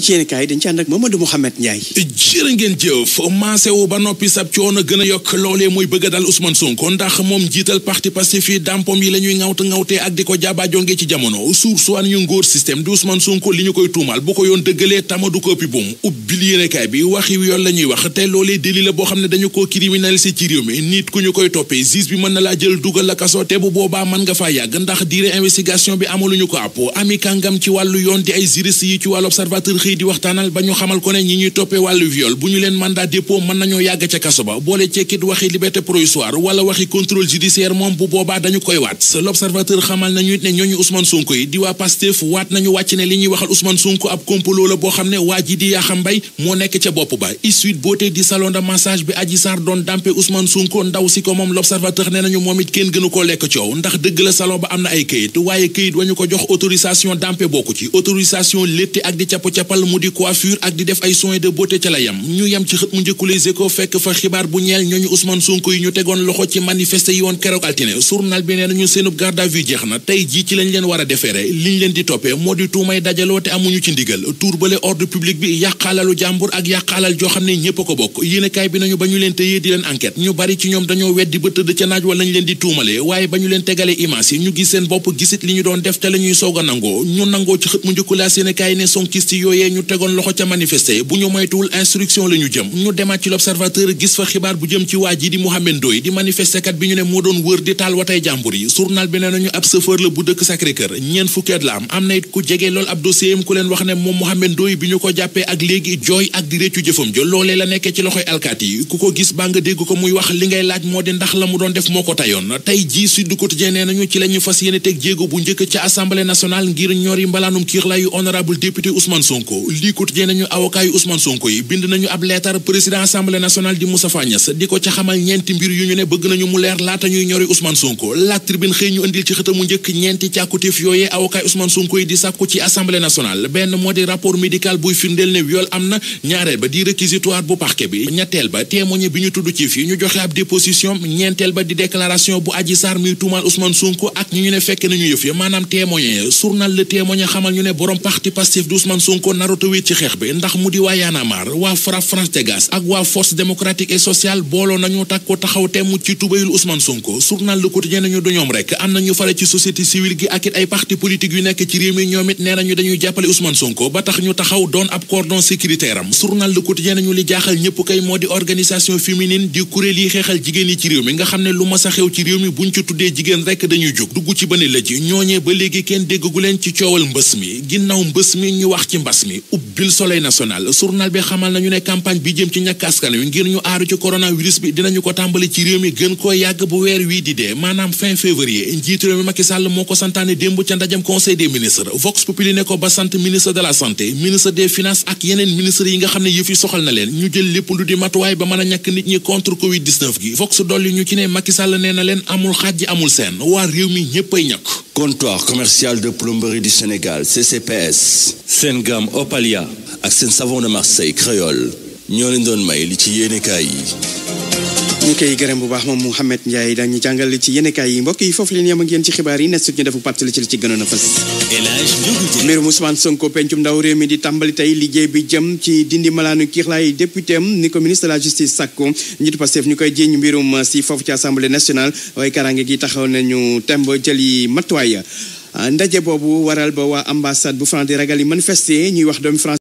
ci yéen kaay dañ ci ànd ak Mamadou Mouhamed Ndiaye ngeen jëf maase ba noppi sab coono gën a yokk loolee mooy bëgg a dal Ousmane Sonko ndax moom jiital parti Pastef yi dampom yi la ñuy ŋawte ŋawtee ak di ko jaaba jonge ci jamono suur suwaan ñu ngóor système di Ousmane Sonko li ñu koy tuumal bu ko yoon dëggalee tamadu koppi buum ubbil yéen kaay bi waxi yoon la wax te loolee déli boo xam ne dañu koo criminalisé ci réew mi nit ku ñu koy toppee juge bi mën na laa jël dugal la kaso xëy di waxtaanal ba ñu xamal ko ne ñi ñuy toppee wàllu viol bu ñu leen mandat dépôt mën nañoo yàgg ca kaso ba boole cekkit waxi liberté provisoire wala waxi contrôle judiciaire moom bu boobaa dañu koy waat l'observateur xamal nañu ne ñooñu Ousmane Sonko yi di waa Pastef waat nañu wàcc ne li ñuy waxal Ousmane Sonko ab complot la boo xam ne waa ji di Yakham Mbaye moo nekk ca bopp ba isuite beauté di salon de massage bi Adji Sarr doon dampe Ousmane Sonko ndaw si ko moom l'observateur jàppal mu di coiffure ak di def ay soins de beauté ca la yam ñu yam ci xët mu njëkku Les fekk fa xibaar bu ñeel ñooñu Ousmane Sonko yi ñu tegoon loxo ci manifester yi keroog altine journal bi nee nañu seenub garde à vue jeex na tey jii ci lañ leen war defeere liñ leen di toppee moo di tuumay dajaloo te amuñu ci ndigal turbale ordre public bi yàqaalalu jàmbur ak yàqaalal joo xam ne ñépp ko bokk yéenekaay bi nañu ba ñu leen tëyee di leen enquête yee ñu tegoon loxo ca manifester bu ñu moytuwul instruction la ñu jëm ñu demaat ci l'observateur gis fa xibaar bu jëm ci waa ji di Mohamed Ndoye di manifestekat bi ñu ne moo doon wër di taal watay jàmbur yi journal bi nee nañu ab chauffeur la bu dëkk Sacré-Cœur ñeent fukki la am am na it ku jege lool ab dossier ku leen wax ne moom Mohamed Ndoye bi ñu ko jàppee ak léegi jooy ak di réccu jëfam ja loolee la nekkee ci loxoy alkaat yi ku ko gis baa nga ko muy wax li ngay laaj moo di ndax la mu doon def moo ko tayoon tey jii Sud Quotidien nee nañu ci la ñu fas yéene teg jéego bu njëkk ca assemblée nationale ngir ñori mbalaanum kiir layu honorable député Ousmane ko lii quotidien nañu avocat yu Ousmane yi bind nañu ab leetar président assemblée nationale di Moustapha Niass di ko ca xamal ñeenti mbir yu ñu ne bëgg nañu mu leer laata ñuy ñori Ousmane Sonko la tribune xamal ñu ne borom parti Pastef di Ousmane Sonko narota wéet ci xeex bi ndax mu di waa yaanamaar waa FRAPP France Dégage ak waa force démocratique et sociale booloo nañu tàkkoo taxaw temm ci tubayul Ousmane Sonko journal Le Quotidien nañu du ñoom rek am nañu fare ci société civile gi ak it ay parti politique yu nekk ci réew mi ñoom it nee nañu dañuy jàppale Ousmane Sonko ba tax ñu taxaw doon ab cordon sécuritaire am journal Le Quotidien nañu li jaaxal moo di organisation féminine di kuréel yi xeexal jigéen yi ci réew mi nga xam a xew ci réew mi buñ ni ubbil soleil national journal bi xamal nañu ne campagne bi jëm ci ñàkk wi ngir ñu aaru ci coronavirus bi dinañu ko tàmbali ci réew mi gën koo yàgg bu weer wii di dee maanaam fin février njiitu réew mi Macky moo ko santaane démb ca ndajam conseil des ministres Vox Populi ne ko ba ministre de la santé ministre des finances ak yeneen ministres yi nga xam ne yëf yi soxal na leen ñu jël lépp lu di matuwaay ba mën a ñàkk nit ñi contre covid 19 gi Vox dolli ñu ci ne Macky Sall comptoir commercial de plomberie du Sénégal CCPS Sengam Opalia Accent savon de Marseille créole ñoo doon ñu koy gërëm bu baax moom Mouhamed Ndiaye dañu jàngal ci yenekaay yi mbokk foofu leen yam ak ci xibaar yi ne suñu defu pàttali ci li ci gënoon a fës mbirum Ousmane di tàmbali tey liggéey bi jëm ci la justice sàkku njiitu Pastef ñu koy jiiñ mbirum si foofu ci assemblée nationale waaye karange gi taxaw nañu temb jëli matuwaay ndaje boobu waral ba waa ambassade bu France di ragal yi ñuy wax doomi France